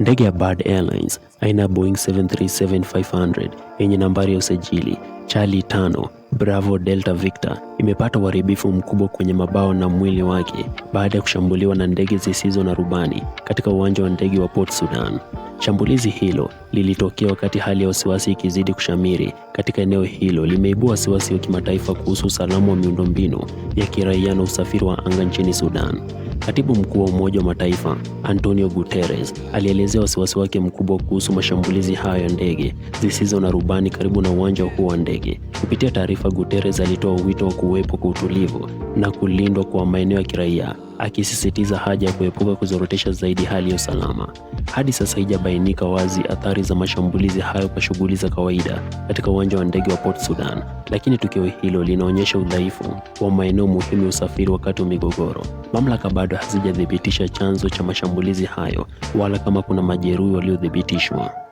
Ndege ya Bard Airlines aina ya Boeing 737-500 yenye nambari ya usajili Charlie tano Bravo Delta Victor imepata uharibifu mkubwa kwenye mabawa na mwili wake baada ya kushambuliwa na ndege zisizo na rubani katika uwanja wa ndege wa Port Sudan. Shambulizi hilo lilitokea wakati hali ya wasiwasi ikizidi kushamiri katika eneo hilo, limeibua wasiwasi wa kimataifa kuhusu usalama wa miundombinu ya kiraia na usafiri wa anga nchini Sudan. Katibu mkuu wa Umoja wa Mataifa Antonio Guterres alielezea wasiwasi wake mkubwa kuhusu mashambulizi hayo ya ndege zisizo na rubani karibu na uwanja huo wa ndege Kupitia taarifa, Guterres alitoa wito wa kuwepo kwa utulivu na kulindwa kwa maeneo ya kiraia, akisisitiza haja ya kuepuka kuzorotesha zaidi hali ya usalama. Hadi sasa haijabainika wazi athari za mashambulizi hayo kwa shughuli za kawaida katika uwanja wa ndege wa Port Sudan, lakini tukio hilo linaonyesha udhaifu wa maeneo muhimu ya usafiri wakati wa migogoro. Mamlaka bado hazijathibitisha chanzo cha mashambulizi hayo wala kama kuna majeruhi waliothibitishwa.